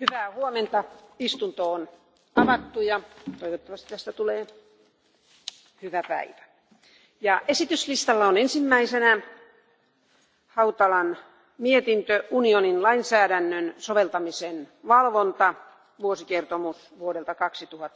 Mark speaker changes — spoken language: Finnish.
Speaker 1: hyvää huomenta istunto on avattu ja toivottavasti tästä tulee hyvä päivä. esityslistalla on ensimmäisenä hautalan mietintö unionin lainsäädännön soveltamisen valvonta vuosikertomus
Speaker 2: vuodelta kaksituhatta